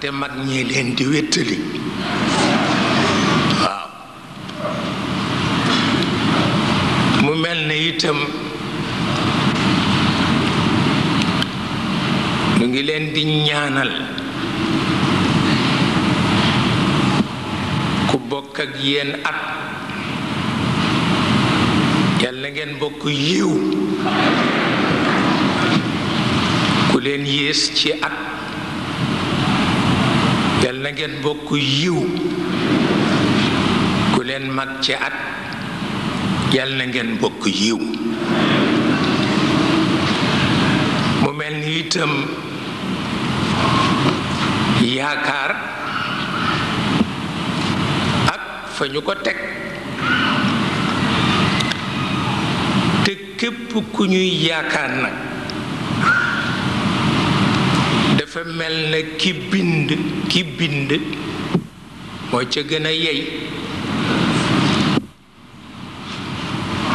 te mag ñi leen di wéttali waaw mu mel ne itam mu ngi leen di ñaanal ku bokk ak yéen at yàlla ngeen bokk yiw ku leen yées ci at yal na ngeen bokk yiw ku leen mag ci at yal na ngeen bokk yiw mu mel ni itam yaakaar ak fa ñu ko teg te képp ku ñuy yaakaar nag mel na ki bind ki bind moo ca gën a yey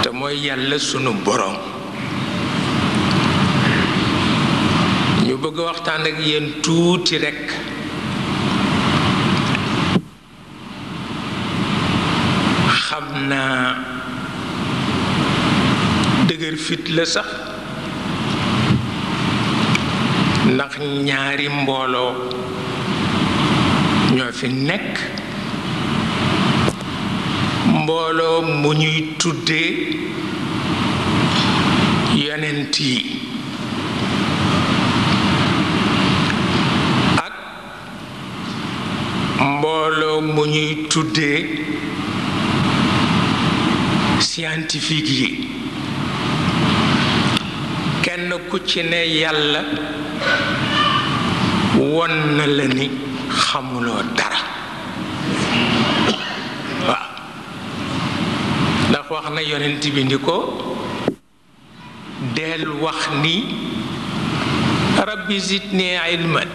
te mooy yàlla sunu borom ñu bëgg waxtaan ak yéen tuuti rekk xam naa dëgër fit la sax ndax ñaari mbooloo ñoo fi nekk mbooloo mu ñuy tuddee yonent yi ak mbooloo mu ñuy tuddee scientifique yi ku ci ne yàlla won na la ni xamuloo dara waaw ndax wax na yonent bi ko del wax ni rabbi zidni ilman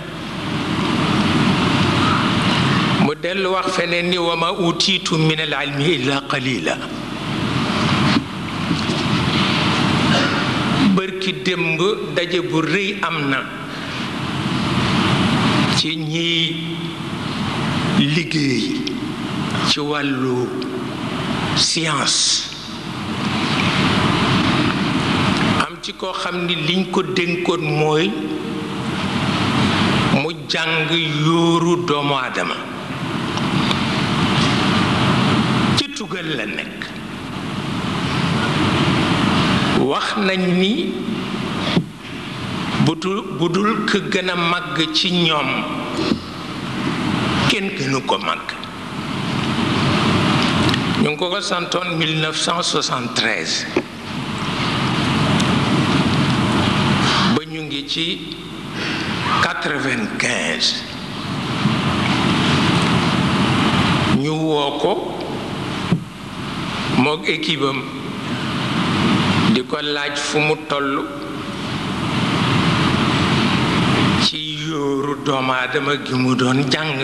mu dellu wax feneen ni wa ma utiitu min al ilmi illa qalila bërki démb daje bu rëy am na ci ñiy liggéey ci wàllu science am ci koo xam ni liñ ko dénkoon mooy mu jàng yóoru doomu aadama ci tugal la nekk wax nañ ni bu dul ku gën a màgg ci ñoom kenn gënu ko màgg ñu ngi ba ñu ngi ci 95 ñu woo ko moog di ko laaj fu mu toll doomaadama gi mu doon jàng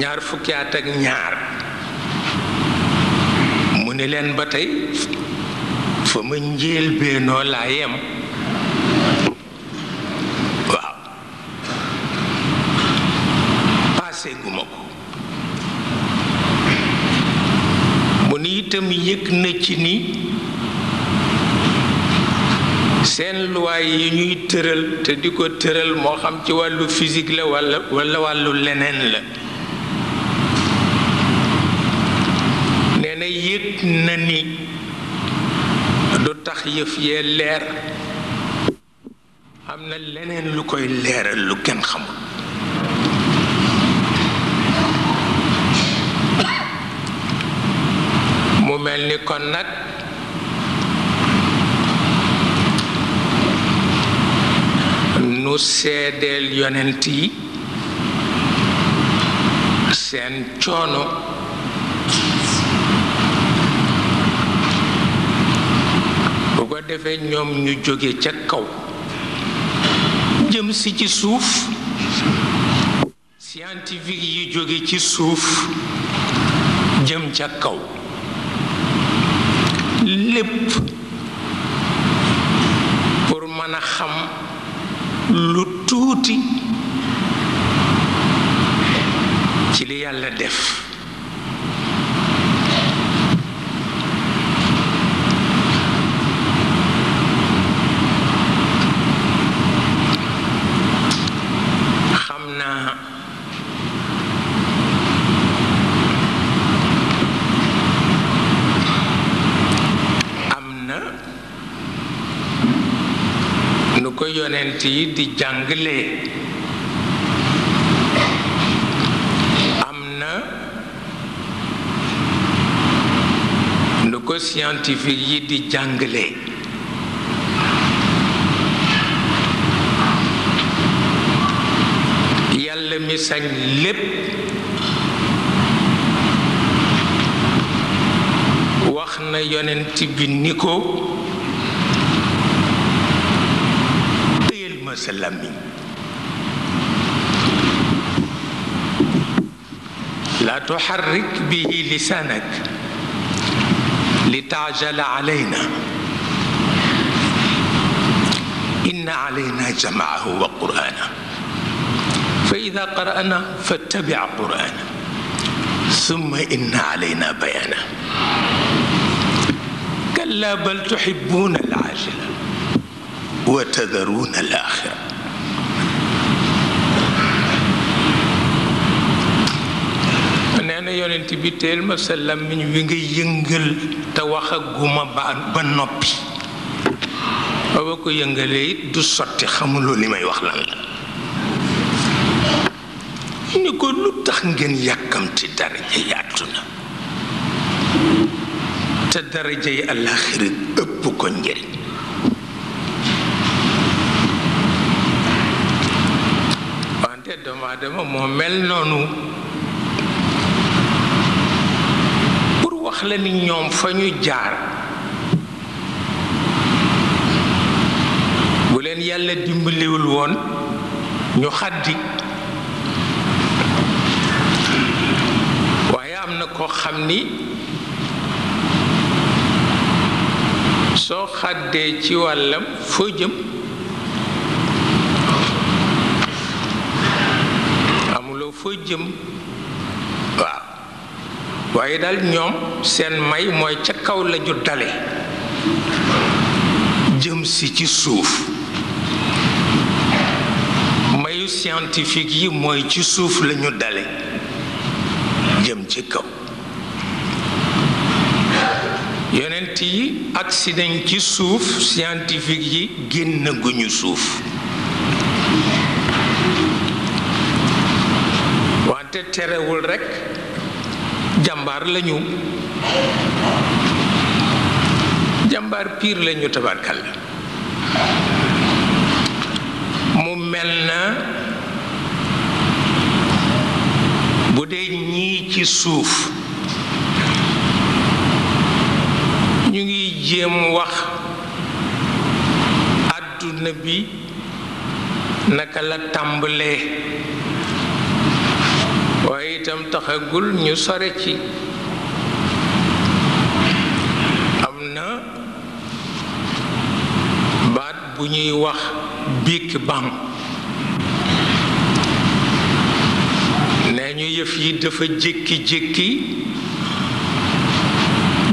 ñaar fukki ak ñaar mu ni leen ba tey fa ma njéel beenoo laa yem waaw paase guma ko mu ne itam yëg na ci ni yeneen luwaay yi ñuy tëral te di ko tëral moo xam ci wàllu physique la walla walla wàllu leneen la nee na yëg na ni du tax yëf yee leer am na leneen lu koy leeral lu kenn xamul mu mel ni kon nag nu seedeel yonent yi seen coono bu ko defee ñoom ñu jóge ca kaw jëm si ci suuf scientifique yi jóge ci suuf jëm ca kaw lépp pour mën a xam lu tuuti di jàngale am na nu ko scientifique yi di jàngale yàlla mi sañ lépp wax na yonent bi ni ko وسلم لا تحرك به لسانك لتعجل علينا إن علينا جمعه وقرآنه فإذا قرأنا فاتبع قرآنه ثم إن علينا بيانه كلا بل تحبون العاجله وتذرون الآخرة نانا يونس تبي تيلم سلام من وينغ ينجل تواخا غوما بان نوبي باباكو ينجلي دو سوتي خمولو لي ماي واخ لان لا نيكو لو تخ نين ياكام تي دارجا ياتونا تدرجي الاخر aadama moo mel noonu pour wax la ni ñoom fa ñu jaar bu leen yàlla dimbaliwul woon ñu xaddi waaye am na koo xam ni soo xaddee ci wàllam foo jëm foo jëm waaw waaye daal ñoom seen may mooy ca kaw lañu ju dale jëm si ci suuf mayu scientifique yi mooy ci suuf lañu dale jëm ci kaw yonent yi agsi ci suuf scientifique yi génn guñu suuf te terewul rekk jàmbaar lañu jàmbaar piir lañu tabarkal mu mel na bu dee ñii ci suuf ñu ngi jéem wax àdduna bi naka la tàmbalee itam taxagul ñu sore ci am na baat bu ñuy wax Big Bang nee ñu yëf yi dafa jékki-jékki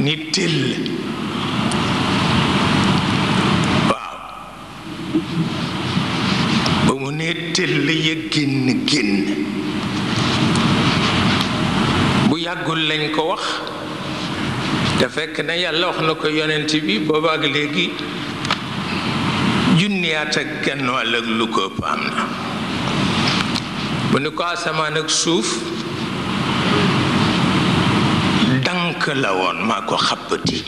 ni tëll waaw ba mu nee tëll ya génn génn yàggul lañ ko wax te fekk na yàlla wax na ko yonent bi boobaak léegi junniyaat ak genn wàll ak lu ko ëpp am na bu ni ko asamaan ak suuf dank la woon maa ko xappati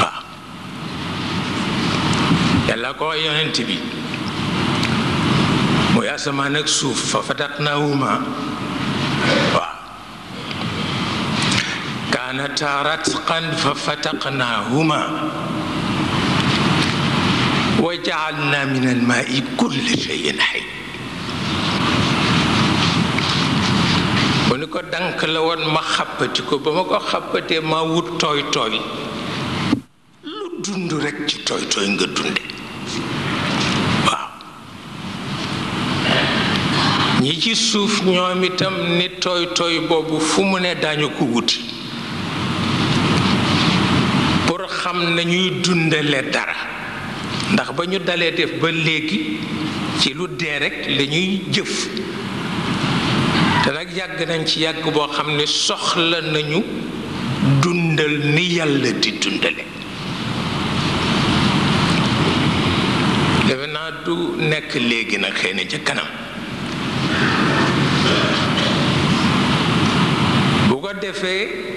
waaw yàlla ko wax yonent bi mooy asamaan ak suuf fa fatax naa wuma كانتا رتقا ففتقناهما وجعلنا من الماء كل شيء حي ونكو دانك لون ما خبتكو بما كو خبتي ما ووت توي توي لو دوند رك تي توي توي nga dundé waaw ñi ci suuf ñoom itam ni toy toy boobu fu mu ne daañu ko wuti xam nañuy dundale dara ndax ba ñu dalee def ba léegi ci lu dee rekk lañuy jëf te nag yàgg nañ ci yàgg boo xam ne soxla nañu dundal ni yàlla di dundale defe naa du nekk léegi nag xëy na ca kanam bu ko defee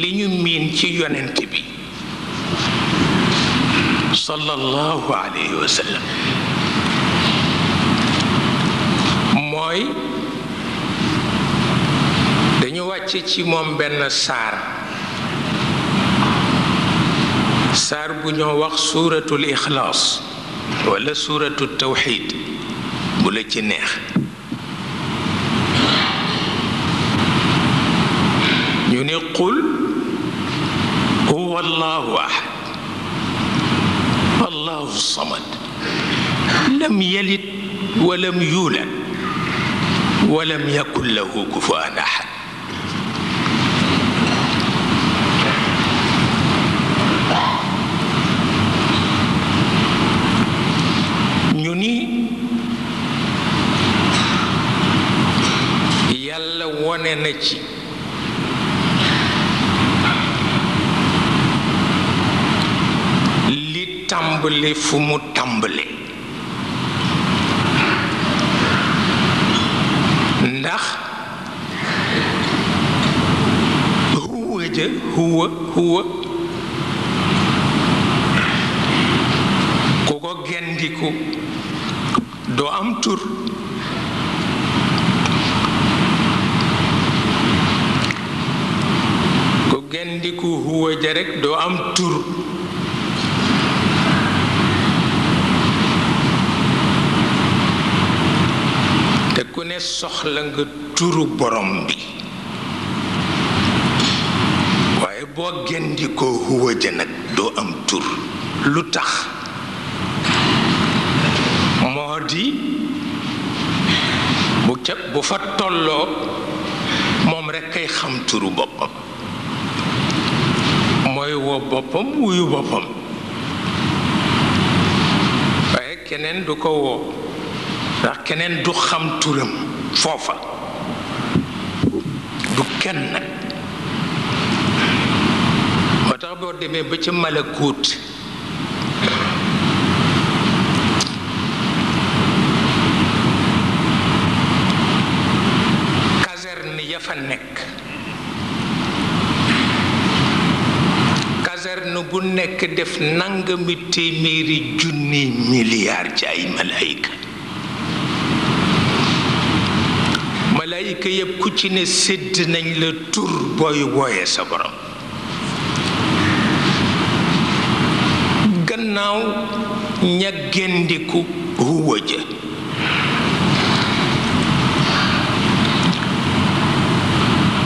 li ñu miin ci yonent bi sallallahu alayhi wa sallam mooy dañu wàcc ci moom benn saar saar bu ñoo wax suuratul ixlaas wala suuratu tawxid bu la ci neex ينقل قل هو الله أحد الله الصمد لم يلد ولم يولد ولم يكن له كفوا أحد نوني يلا yàlla نجي tàmbali fu mu tàmbali ndax huwa ja huwa ko gendiku doo am tur ku gendiku huwa ja doo am tur ne soxla nga turu borom bi waaye boo gendi koo huwa ja nag doo am tur lu tax moo di bu ca bu fa tolloo moom rekk ay xam turu boppam mooy woo boppam wuyu boppam waaye keneen du ko woo ndax keneen du xam turam foofa du kenn nag moo tax boo demee ba ca malakuut caserne ya fa nekk caserne bu nekk def nangami téeméeri junni milliard ci ay malayka malaayika yépp ku ci ne sédd nañ la tur booy wooye sa borom gannaaw ña géndiku ja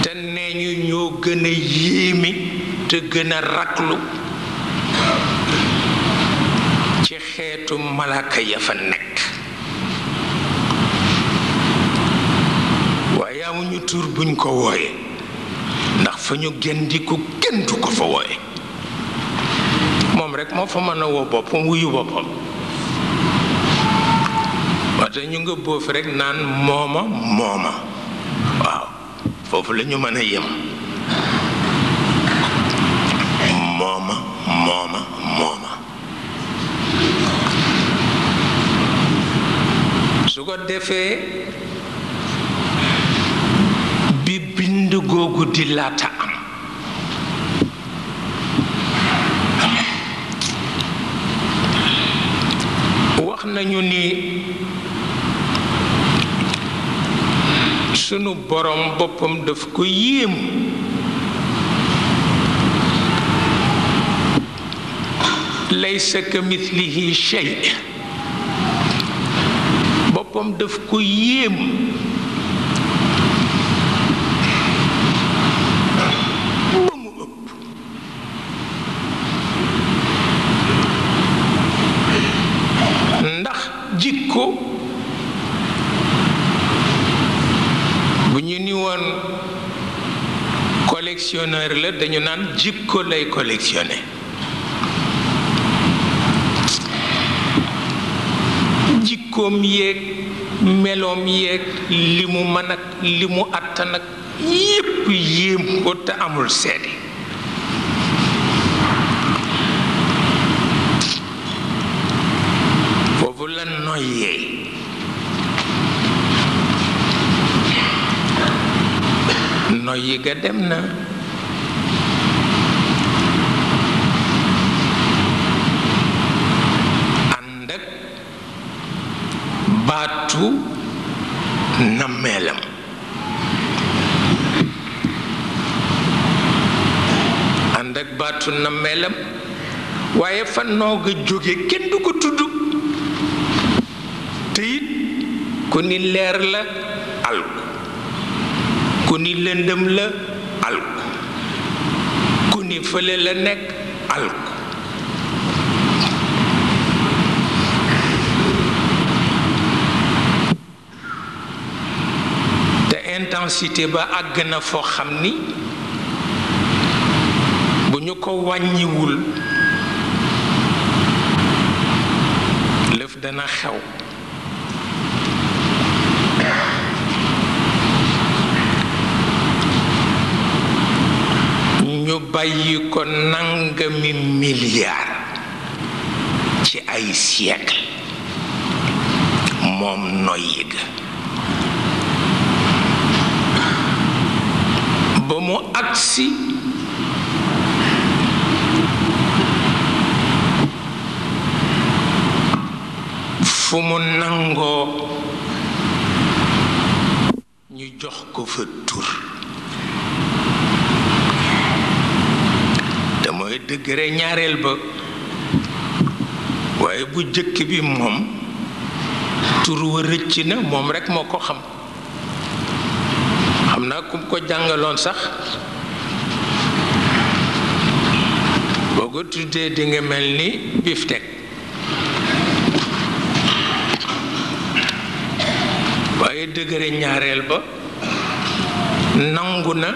te nee ñu ñoo gën a yéemi te gën a raklu ci xeetu malaaka ya nekk ñu tur buñ ko wooye ndax fa ñu gendiku kenn du ko fa wooye moom rek moo fa mën a woo boppam wuyu boppam wate ñu nga boof rek naan mooma mooma waaw foofu la ñu mën a yem mooma mooma mooma su defee bi bind googu di laata am wax nañu ni sunu borom boppam daf ko yéem laysa ka mithlihi shay boppam daf ko yéem la dañu naan jikko lay collectionné jikkoom yeeg meloom yeeg li mu mën li mu àttan yépp yéem ko te amul seede foofu la noyyee noyyi ga dem na palaasu nammeelam ànd ak baatu nammeelam waaye fa noog a jóge kenn du ko tudd te ku ni leer la alku ku ni lëndëm la alku ku ni fële la nekk alku intensité ba àgg na foo xam ni bu ñu ko wàññiwul lëf dana xew ñu bàyyi ko nangami milliard ci ay siècle moom noyyi ga mu agsi fu mu nangoo ñu jox ko fa tur te mooy degré ñaareel ba waaye bu jëkk bi moom tur wa rëcc na moom rekk moo ko xam xam naa ku ko jàngaloon sax boo ko tuddee di mel ni biftek waaye dëgëre ñaareel ba nangu na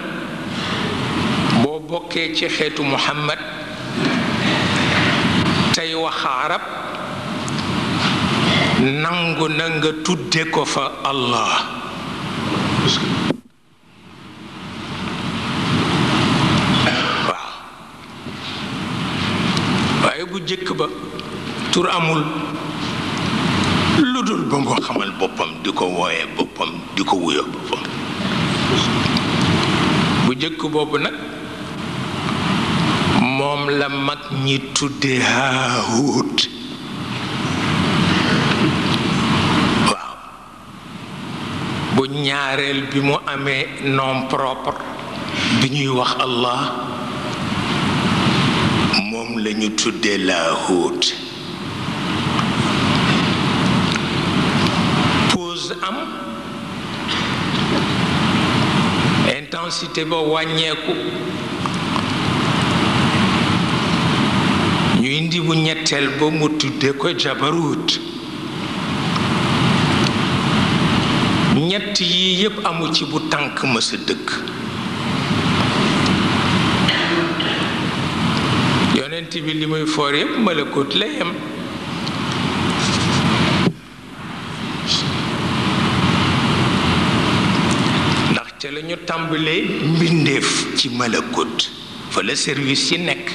boo bokkee ci xeetu Muhammad tey wax nangu na nga tudde ko fa Allah jëkk ba tur amul lu dul ba nga xamal boppam di ko wooyee boppam di ko wuyoo boppam bu jëkk boobu nag moom la mag ñi tudde haahut waaw bu ñaareel bi mu amee nom propre bi ñuy wax Allah moom lañu tuddee laahuut pause am intensité ba wàññeeku ñu indi bu ñetteel ba mu tuddee ko jabarut ñett yi yépp amu ci bu tànk mësa dëkk yonent bi li muy foor yëpp malakut la yem ndax ca la ñu tàmbalee mbindeef ci malakut fa service yi nekk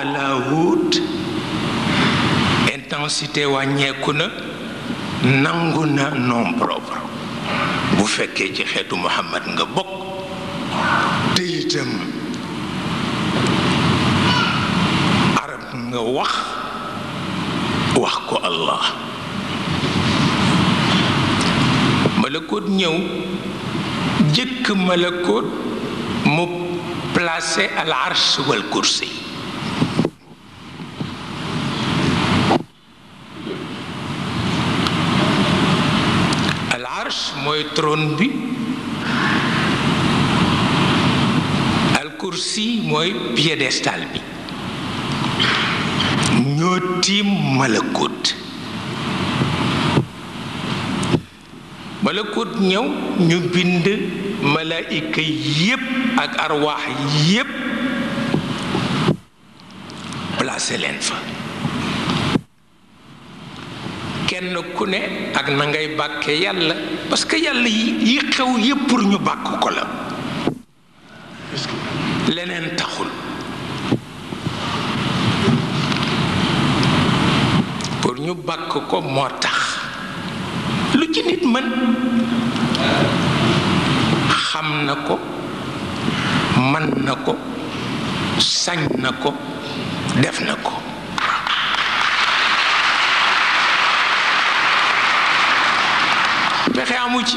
wala huut intensité wàññeeku na nangu na nom propre bu fekkee ci xeetu Muhammad nga bokk te itam arab nga wax wax ko Allah malakoot ñëw jëkk malakoot mu placé al arsh wal kursi mooy trône bi al mooy piédestal bi ñoo tiim malakut malakut ñëw ñu bind malaayika yépp ak arwaax yépp placé leen fa kenn ku ne ak na ngay bàkke yàlla parce que yàlla yi xew yépp pour ñu bàkk ko la leneen taxul pour ñu bàkk ko moo tax lu ci nit mën xam na ko mën na ko sañ na ko def na ko pexe amu ci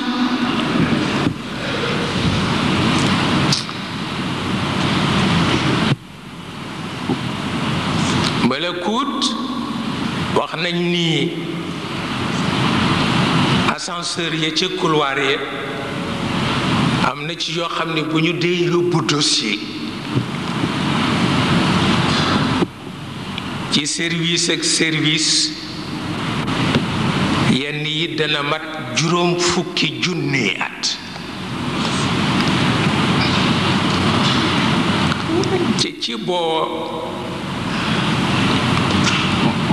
malakuut wax nañ ni ascenseur ya ca couloir ya am na ci yoo xam ne bu ñu dee yóbbu dossier ci service ak service yenn yi dana mat juróom fukki junni at ci ci boo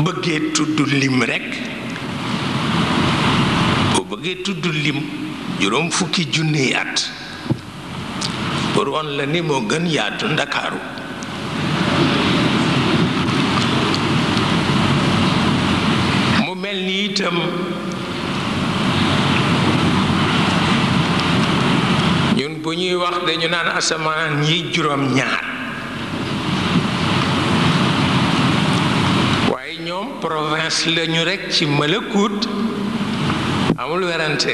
bëggee tudd lim rekk boo bëggee tudd lim juróom fukki junni at pour won la ni moo gën yaatu ndakaaru mu mel ni itam bu ñuy wax dañu naan asamaan yi juróom ñaar waaye ñoom province lañu rekk ci mëlëkuut amul werante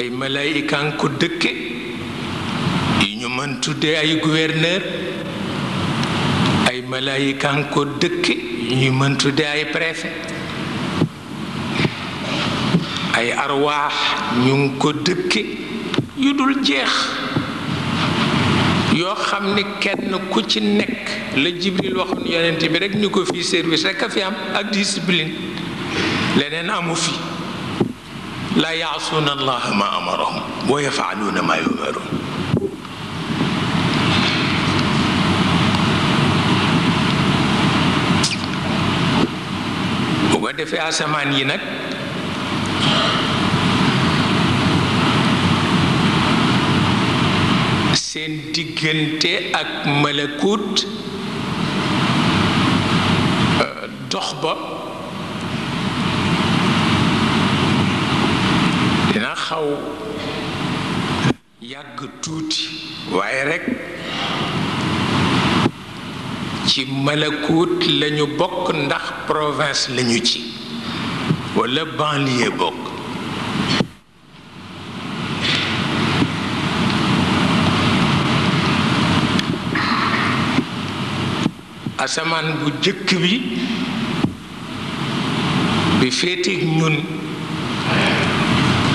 ay malayikaan ko dëkke yi ñu mën tuddee ay gouverneur ay malayikaan ko dëkke yi ñu mën tuddee ay préfet ay arwah ñu ko dëkke yu dul jeex yo xamni kenn ku ci nekk la jibril waxoon yonent bi rek ni fi service rek a fi am ak discipline leneen amu fi la yaasuuna allah ma amarahum wa yafaaluuna ma yumaruun bu ko defé asaman yi nak seen diggante ak malakut euh, dox ba dina xaw yàgg tuuti waaye rekk ci malakut lañu bokk ndax province lañu ci walla banlieue bokk asamaan bu jëkk bi bi féeteeg ñun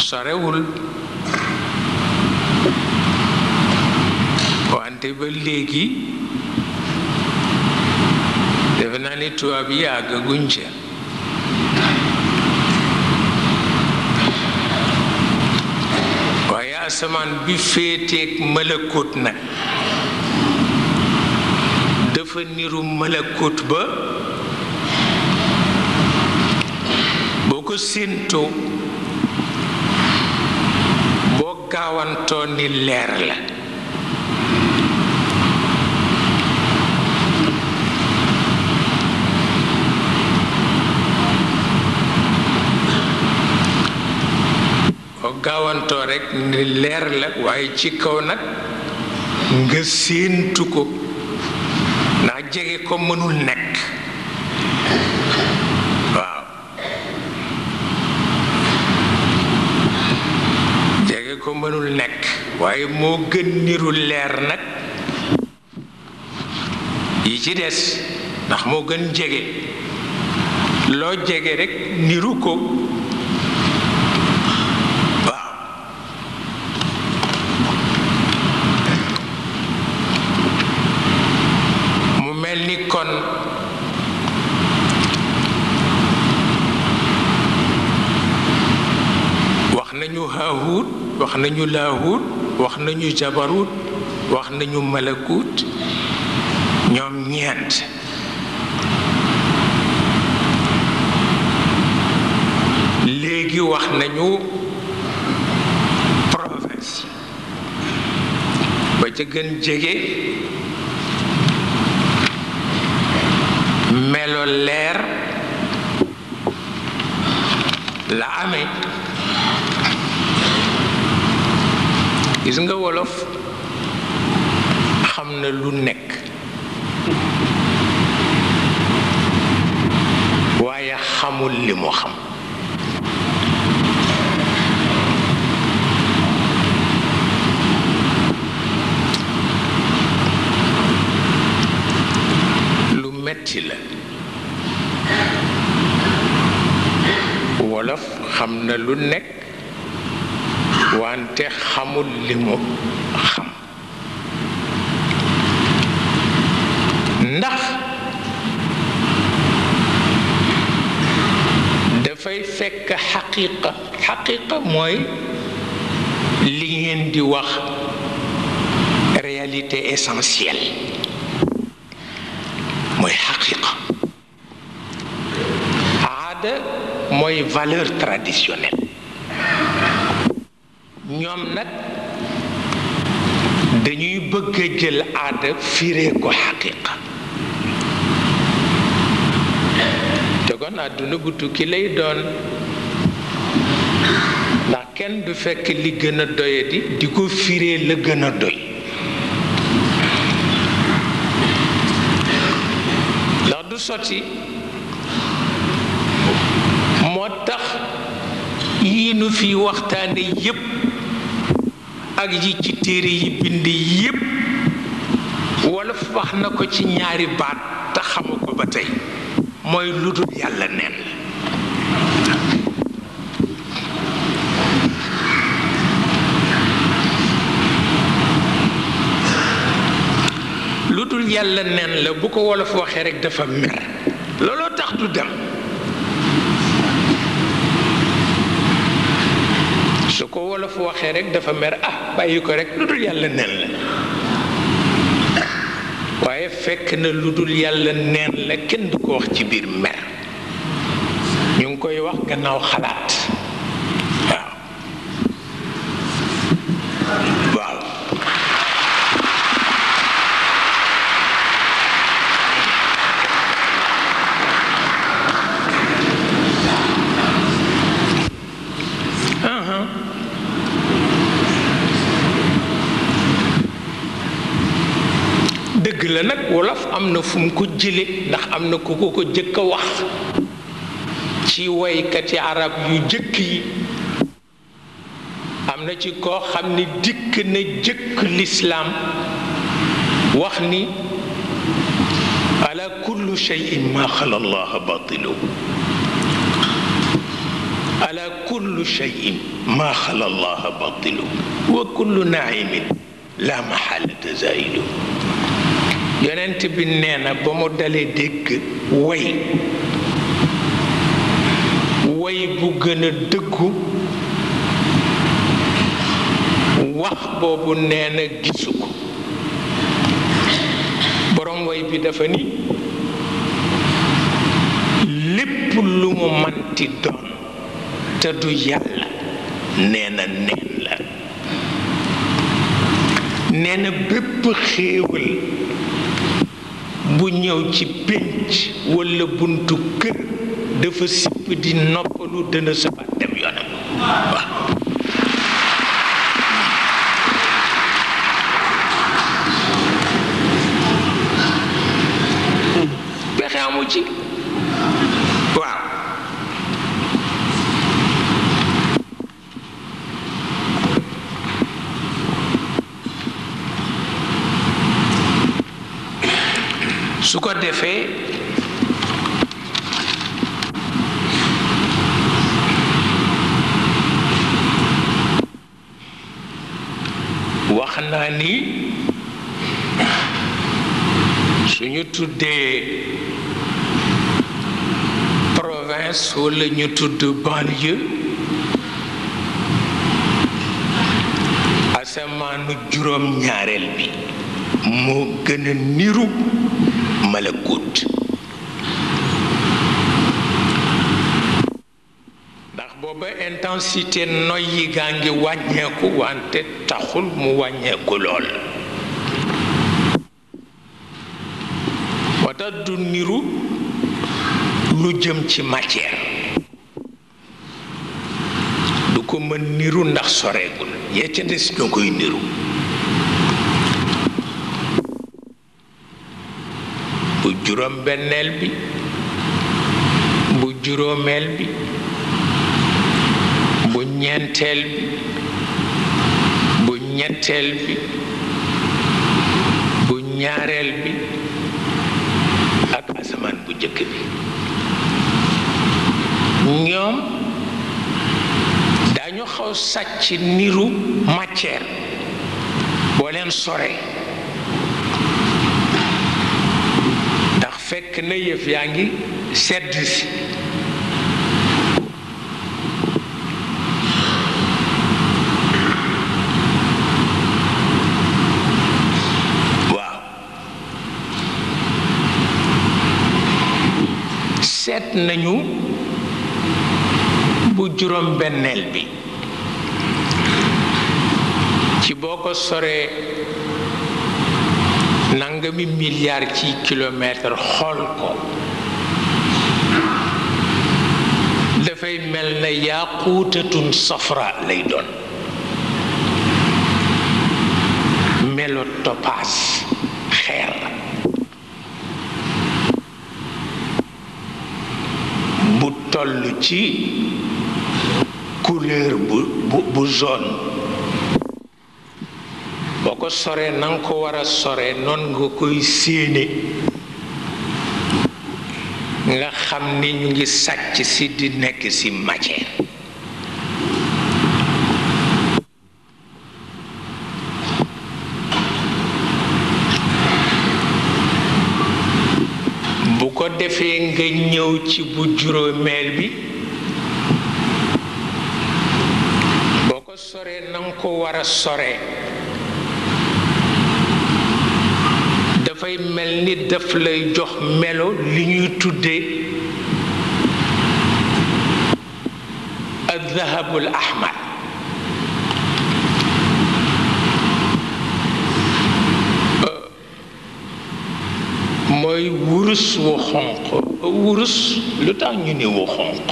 sorewul wante ba léegi defe naa ni tubaab yi àggaguñ ca asamaan bi féeteeg mëlëkut nag dafa niru mëlëkut ba boo ko séento boo gaawantoo ni leer la gaawantoo rekk leer la waaye ci kaw nag nga séentu ko ndax jege ko mënul nekk waaw jege ko mënul nekk waaye moo gën niru leer nag yi ci des ndax moo gën jege loo jege rekk niru ko wax nañu haahuut wax nañu laahuut wax nañu jabaruut wax nañu malakuut ñoom ñeent léegi wax nañu prophète ba ca gën jege melo leer la amé gis nga wolof xamna lu nek waya xamul li mo xam lu metti la wolof xam na lu nekk wante xamul li mu xam ndax dafay fekk xaqiqa xaqiqa mooy li ngeen di wax réalité essentielle mooy valeur ñoom nag dañuy bëgg a jël aada firee ko xaqiqa te kon àdduna bu tukki lay doon ndax kenn du fekk li gëna a doyadi di ko firee la gëna a doy ndax du sotti moo tax yii nu fi waxtaane yépp ak yi ci téere yi bind yépp wolof wax na ko ci ñaari baat te xamu ko ba tey mooy lu dul yàlla neen lu dul yàlla neen la bu ko wolof waxee rekk dafa mer looloo tax du dem wolof waxee rek dafa mer ah bàyyi ko rek lu dul yàlla nen la waaye fekk na lu dul yàlla neen la kenn du ko wax ci biir mer ñu ngi koy wax gannaaw xalaat la nak wolof amna fum ko jële ndax amna ko ko jëkk wax ci way kat woykati arab yu jëkk yi amna ci ko xamni dik na jëkk l'islam wax ni ala kullu shay'in ma khala allah batilu ala kullu shay'in ma khala allah batilu wa kullu naimin la maxalata zailu yonent bi nee na ba mu dalee dégg woy way bu gën a dëggu wax boobu nee na gisu ko borom way bi dafa ni lépp lu mu manti doon te du yàlla nee na neen la nee na bépp xéewal bu ñëw ci pénc walla buntu kër dafa sipp di noppalu dana safaat dem yoonam waaw hmm. pexe ci su ko defee wax naa ni suñu tuddee province walla ñu tudd banlieue asamaanu juróom ñaareel bi moo gën a malakut ndax booba intensité noyyi gaa ngi wàññeeku wante taxul mu wàññeeku lool wata du niru lu jëm ci matière du ko mën niru ndax soreegul yee ca des ñoo koy niru juróom benneel bi bu juróomeel bi bu ñeenteel bi bu ñetteel bi bu ñaareel bi ak asamaan bu jëkk bi ñoom dañu xaw sàcc niru matière boo leen sore fekk na yëf yaa ngi sedd si waaw seet nañu bu juróom benneel bi ci boo ko soree nangami milliard ci kilomètre xool ko dafay mel na yaaquutatun safra lay doon melo xeer bu toll ci couleur bu bu jaune ko sore na nga ko nga xam ni ñu ngi sàcc si nekk si bu ko defee nga ñëw ci bu juróomeel bi boo ko soree na ko wara sore dafay mel ni daf lay jox melo li ñuy tuddee addahabul ahmar mooy wurus wu xonq wurus lu tax ñu ne wu xonq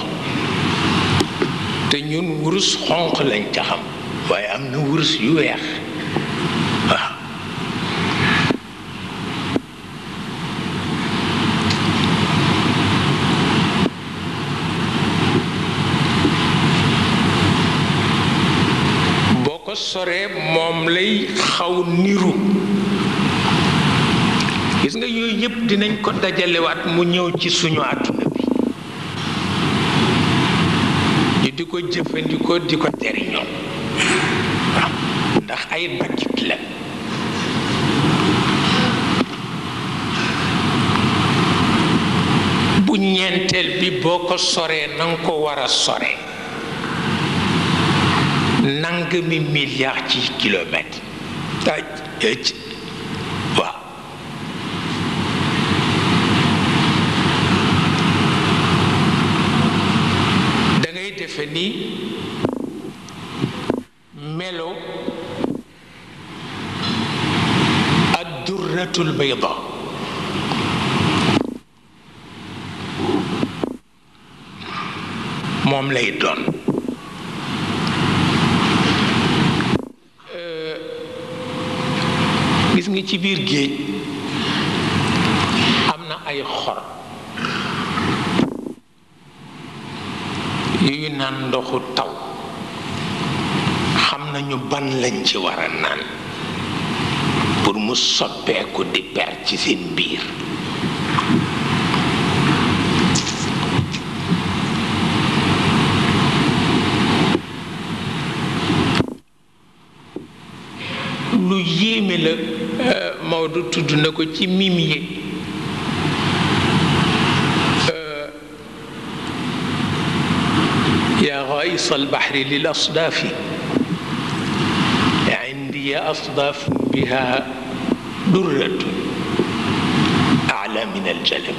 te ñun wurus xonq lañ ca xam waaye am na wurus yu weex lay xaw niru gis nga yooyu yëpp dinañ ko dajalewaat mu ñëw ci suñu àdduna bi ñu di ko jëfandikoo di ko jariñoo ndax ay dakkit la bu ñeenteel bi boo ko soree na ko war a sore nangami milliards ci kilomètre ci waaw da defe ni melo ak durratul moom lay doon biir géej am na ay xor yuy naan ndoxu taw xam nañu ban lañ ci war a naan pour mu soppeeku di per ci seen biir Eh, maodo tuddu ne ko يا غيص البحر للأصداف عندي أصداف بها درة أعلى من الجلم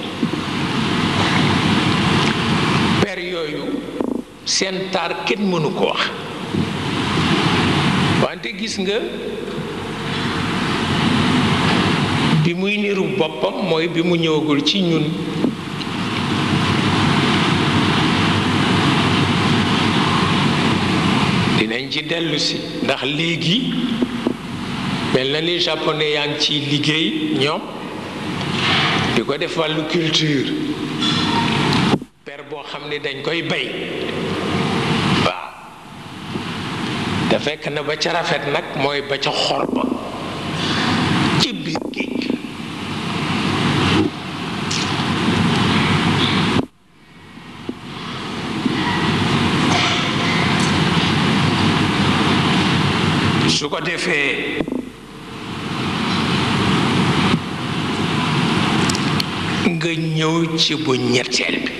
بريويو سنتار كن منكوخ وانت جيس bi muy niru boppam mooy bi mu ñëwagul ci ñun dinañ ci dellusi ndax léegi mel na ni japonais yaa ngi ci liggéey ñoom di ko def wàllu culture per boo xam ne dañ koy bay waaw te fekk ba ca rafet nag mooy ba ca xor ba projet bu ñetteel bi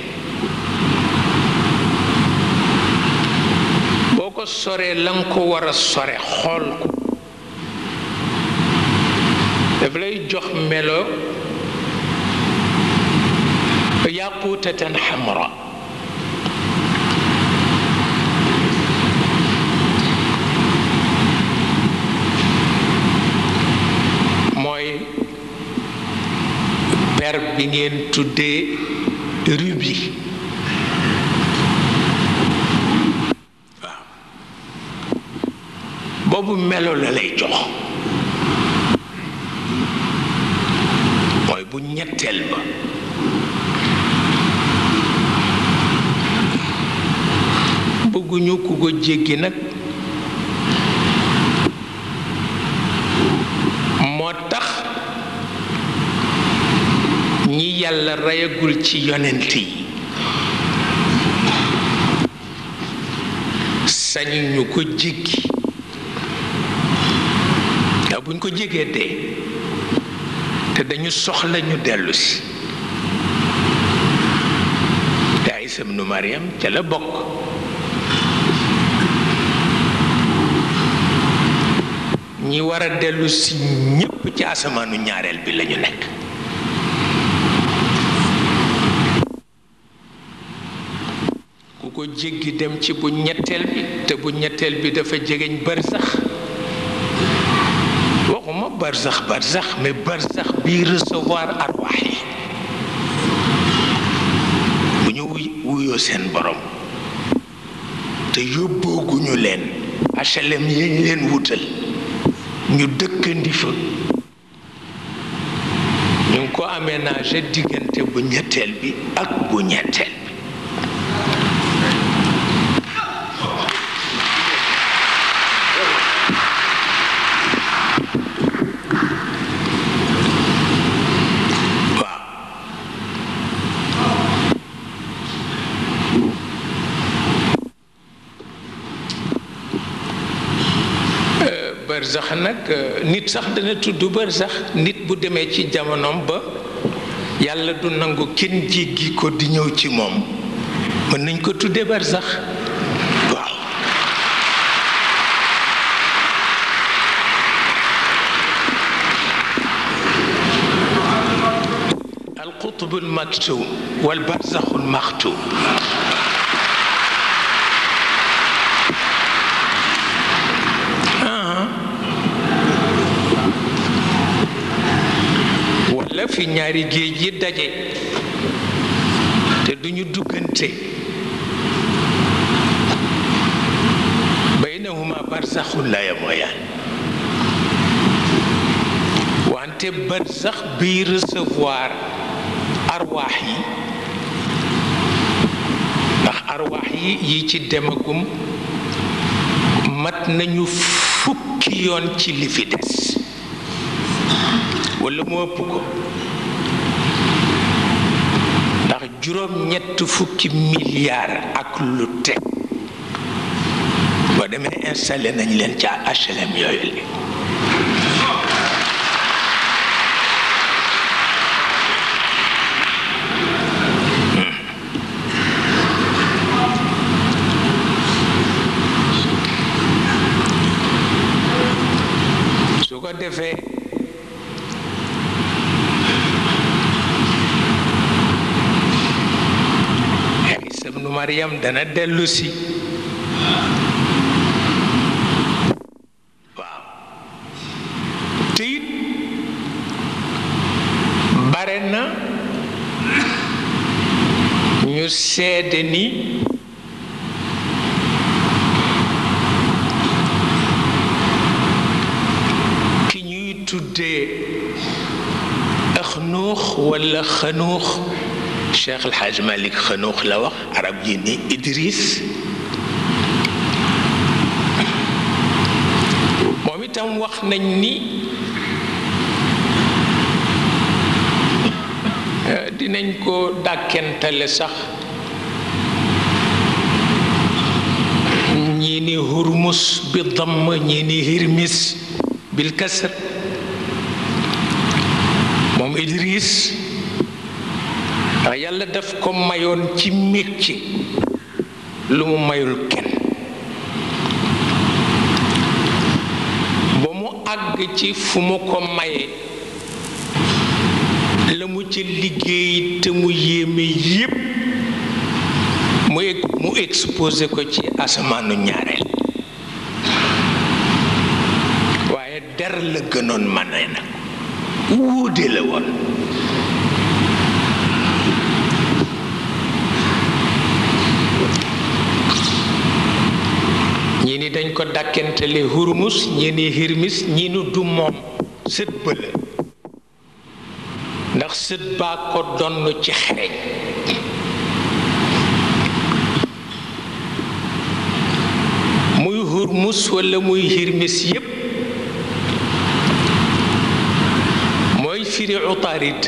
boo ko soree la ko war a sore xool ko daf lay jox melo yaaquutatan xamra fer bi ngeen tuddee rubis waaw boobu melo la lay jox mooy bu ñetteel ba bëgguñu ku ko jéggi nag moo tax ñi yàlla reyagul ci yonent yi sañu ñu ko jéggi ndax buñ ko jégee te dañu soxlañu dellusi dellu si te Isa ibnu Maryam ca la bokk ñi war a dellu ñépp ci asamaanu ñaareel bi lañu nekk ko jéggi dem ci bu ñetteel bi te bu ñetteel bi dafa jegeñ barsax waxuma barsax barsax mais barsax bi recevoir arwaax yi bu ñu wuyoo seen borom te yóbbooguñu leen HLM yañ leen wutal ñu dëkkandi fa ñu ngi ko aménagé diggante bu ñetteel bi ak bu ñetteel barzax nag euh, nit sax dana tudd sax nit bu demee ci jamonoom ba yàlla du nangu kenn jéggi ko di ñëw ci moom mën nañ ko tuddee barzax waaw alqutbul maktub wal barzaxul maktub fi ñaari géej yi daje te duñu duggante baynahuma barzaxul la wante barzax biy recevoir arwaax yi ndax arwaax yi yi ci demagum mat nañu fukki yoon ci lifi fi des wala mu ëpp ko juróom ñett fukki milliards ak lu teg boo demee installé nañ leen ca HLM yooyu li ndeyam dana dellu si waaw te it bare na ñu seede ni ki ñuy tuddee axnuux wala xanuux الشيخ الحاج مالك خنوخ لوخ عرب جيني إدريس ومتهم وقنا ني آه، دينينكو داكين تلسخ نيني هرمس بالضم نيني هرمس بالكسر مم إدريس yàlla def ko mayoon ci métier lu mu mayul kenn ba mu àgg ci fu mu ko maye la mu ca liggéey te mu yéeme yépp mu e-, mu exposé ko ci asamaanu ñaareel waaye der la gënoon mane nag wóode la woon ko dàkkentale hurmus ñi ni hirmis ñi ni du moom sët ba la ndax sët baa ko donn ci xereñ muy hurmus walla muy hirmis yépp mooy firi utaarid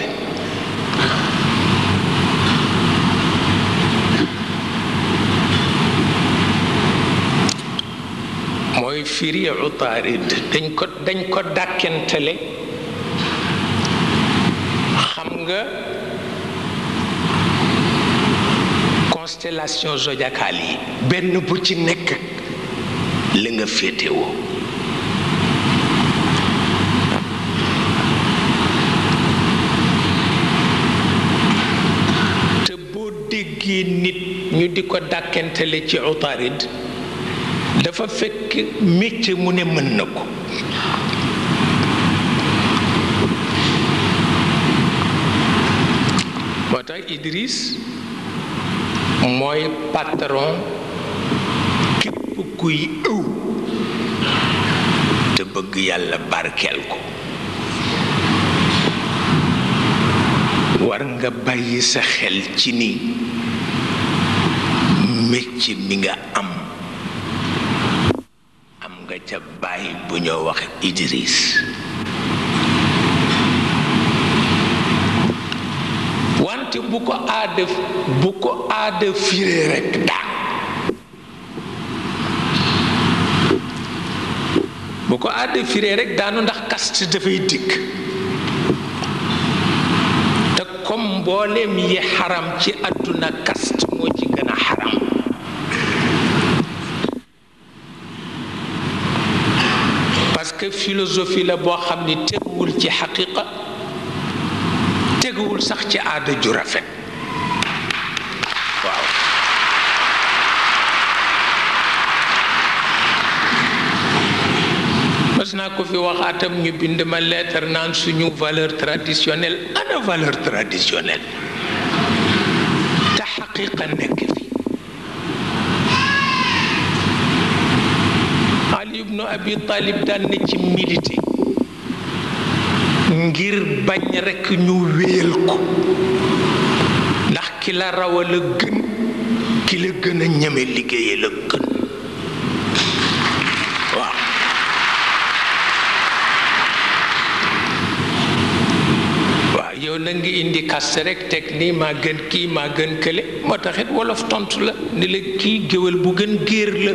firi utaarid dañ ko dañ ko dàkkentale xam nga constellation zodiacale yi benn bu ci nekk la nga féetewoo te boo déggee nit ñu di ko dàkkentale ci utaarid dafa fekk métier mu ne mën na ko idris mooy patron képp kuy ëw te bëgg yàlla barkeel ko war nga bàyyi sa xel ci ni métier mi nga am ca baay bu ñoo wax Idris wante bu ko aada bu ko daanu ndax kast dafay dikk te comme mbooleem yi xaram ci àdduna kast philosophie la boo xam ni teguwul ci xaqiqa teguwul sax ci aada ju rafet waaw mas naa ko fi wax atam ñu bind ma leetar naan suñu valeur traditionnelle ana valeur traditionnelle te xaqiqa nekk abi talib daan na ci milité ngir bañ rekk ñu wéel ko ndax ki la raw a la gën ki la gën a ñeme liggéeye la gën waaw waaw yow na ngi indi kaste rek teg nii maa gën kii maa gën kële moo taxit wolof tontu la ni la kii géwél bu gën géer la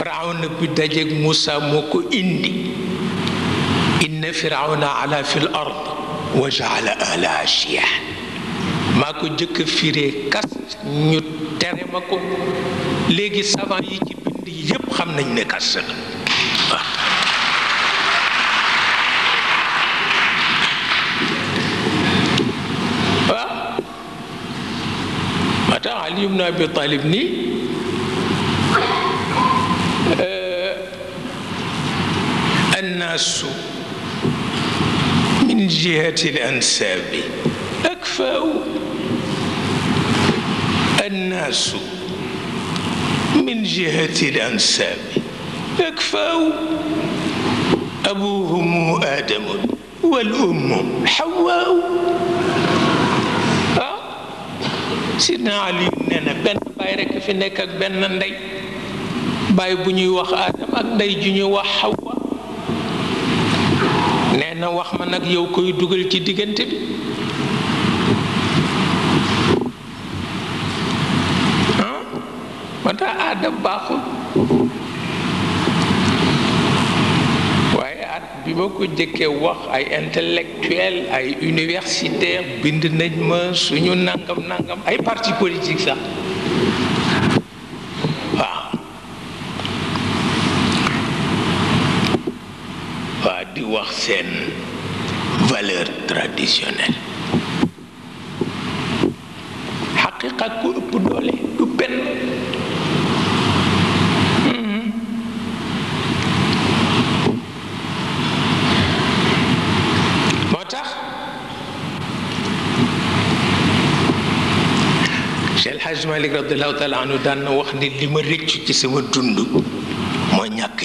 فرعون بدجك موسى موكو إني إن فرعون على في الأرض وجعل أهلها شيعا ماكو جك فيري كاس نتري مكو لجي سبا يجي بندي يب خم نجن كاسر متى علي بن أبي طالب الناس من جهة الأنساب أكفأ الناس من جهة الأنساب أكفأ أبوهم آدم والأم حواء آه؟ سيدنا علي ننا بن بايرك في نكك بن ndey باي bu ñuy wax adam ak ndey na wax ma nag yow koy dugal ci diggante bi ah ma tax aada baaxul waaye at bi ma ko jëkkee wax ay intellectuel ay universitaire bind nañ ma suñu nangam nangam ay parti politique sax traditionnel xaqiqa ku ëpp doole du benn moo Cheikh El Hadj Malick taala anhu daan wax ni lima ma ci sama dund moo ñàkk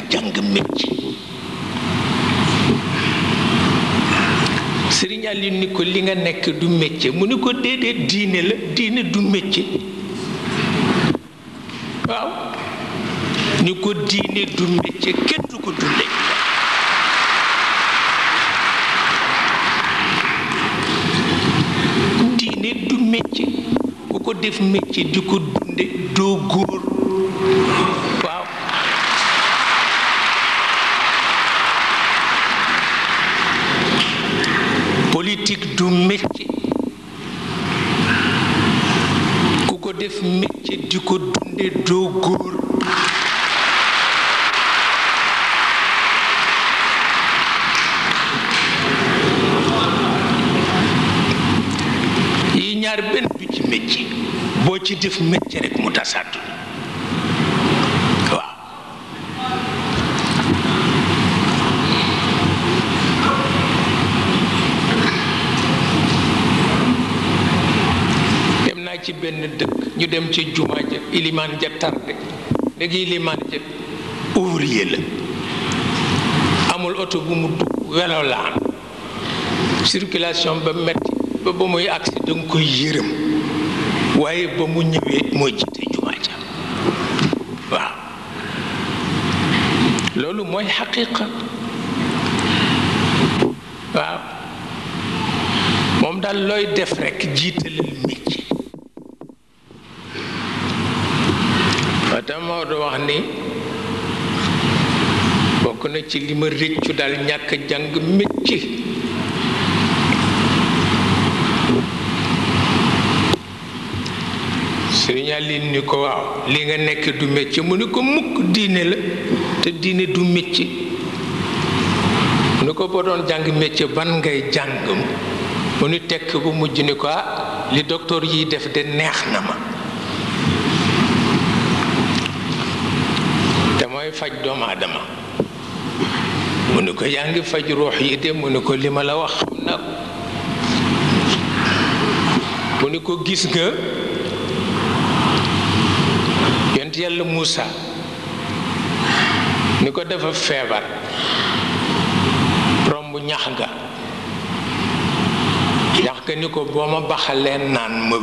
Sëriñ Aliou ni ko li nga nekk du métier mu ni ko déedéet diine la diine du métier waaw ni ko diine du métier kenn du ko dundee diine du métier ku ko def métier di ko dunde doo góor dem ca juma ja ilimaan ja tarde léegi ilimaan ja ouvrier la amul oto bu mu dugg welo la am circulation ba metti ba ba muy agsi danga koy yërëm waaye ba mu ñëwee moo jiite juma ja waaw loolu mooy xaqiqa waaw moom daal looy def rekk jiitale tax Maodo wax ni bokk na ci li ma rëccu daal ñàkk jàng métier Sëriñ Aline ni ko waaw li nga nekk du métier mu ni ko mukk diine la te diine du métier mu ni ko boo doon jàng métier ban ngay jàng mu ni tekk bu mujj ni ko ah li docteur yi def de neex na ma faj doomu aadama yang ne ko yaa ngi faj ruux yi de mu ne ko li ma la wax xam naa ko mu ne ko gis nga yont yàlla Moussa ñax ñax ma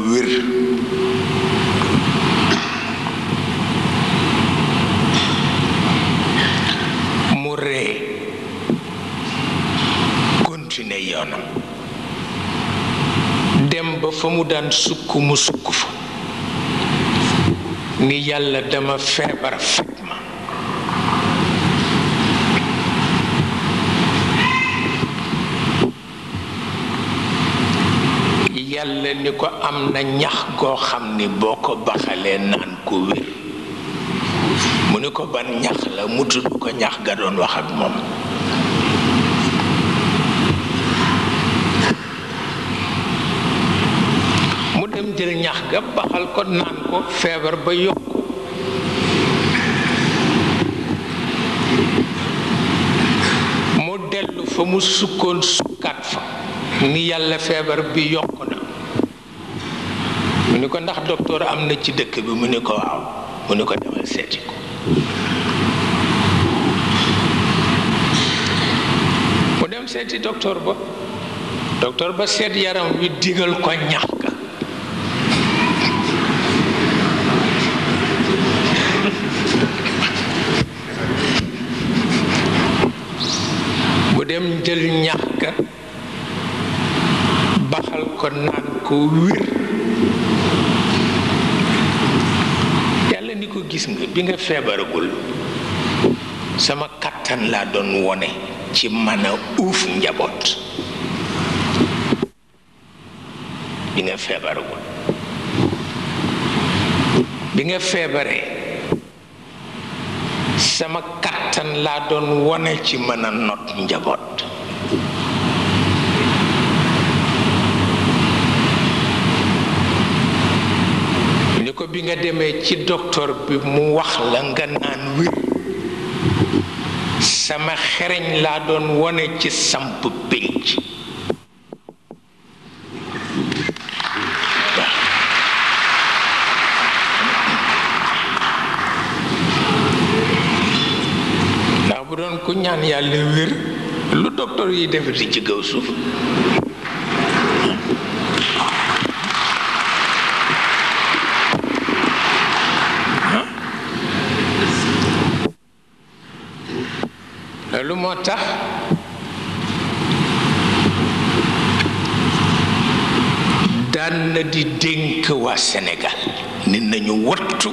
yoonam dem ba fa mu daan sukk mu sukk fa ni yàlla dama feebar faj ma yàlla ni ko am na ñax koo xam ni boo ko baxalee naan ko wér mu ni ko ban ñax la mu tudd ko ñax ga doon wax ak moom dem jël ñax ga baxal ko naan ko feebar ba yokk mu dellu fa mu sukkoon sukkaat fa ni yàlla feebar bi yokk na mu ni ko ndax docteur am na ci dëkk bi mu ni ko waaw mu ni ko demal seeti ko mu dem seeti docteur ba docteur ba seet yaram wi digal ko ñax ga dem jël ñax ga baxal ko naan ko wir yàlla ni ko gis nga bi nga feebaragul sama kattan laa doon wone ci mën a uuf njaboot bi nga feebaragul bi nga feebaree sama kàttan laa doon wone ci mëna nott njaboot ni ko bi nga demee ci docteur bi mu wax la nga naan wér sama xereñ laa doon wone ci samp pénc yàlla wér lu docteur yi defati ci kaw suuf loolu moo tax daan di dénk waa Sénégal nit nañu wattu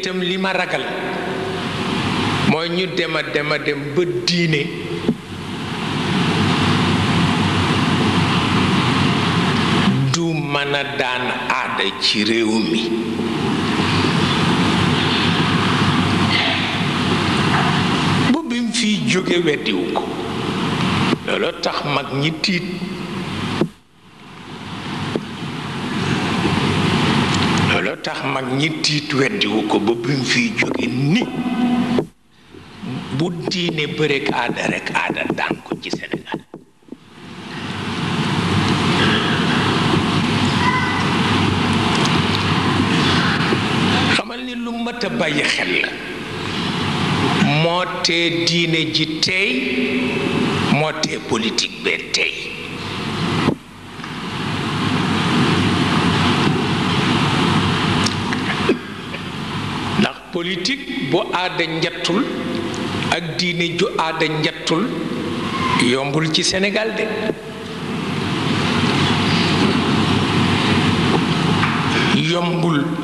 tam li ma ragal mooy ñu dem a dem a dem ba diine du mën a daan aada ci réew mi bu bi mu fiy jóge weddiwu ko loolu tax mag ñi tiit mag ñi ko ba bi mu jóge bu diine bërek ci Sénégal xamal ni lu mat a bàyyi xel la moo tee diine ji tey moo tee politique bee tey politik bu aada njattul ak diine ju aada njattul yombul ci Sénégal de yombul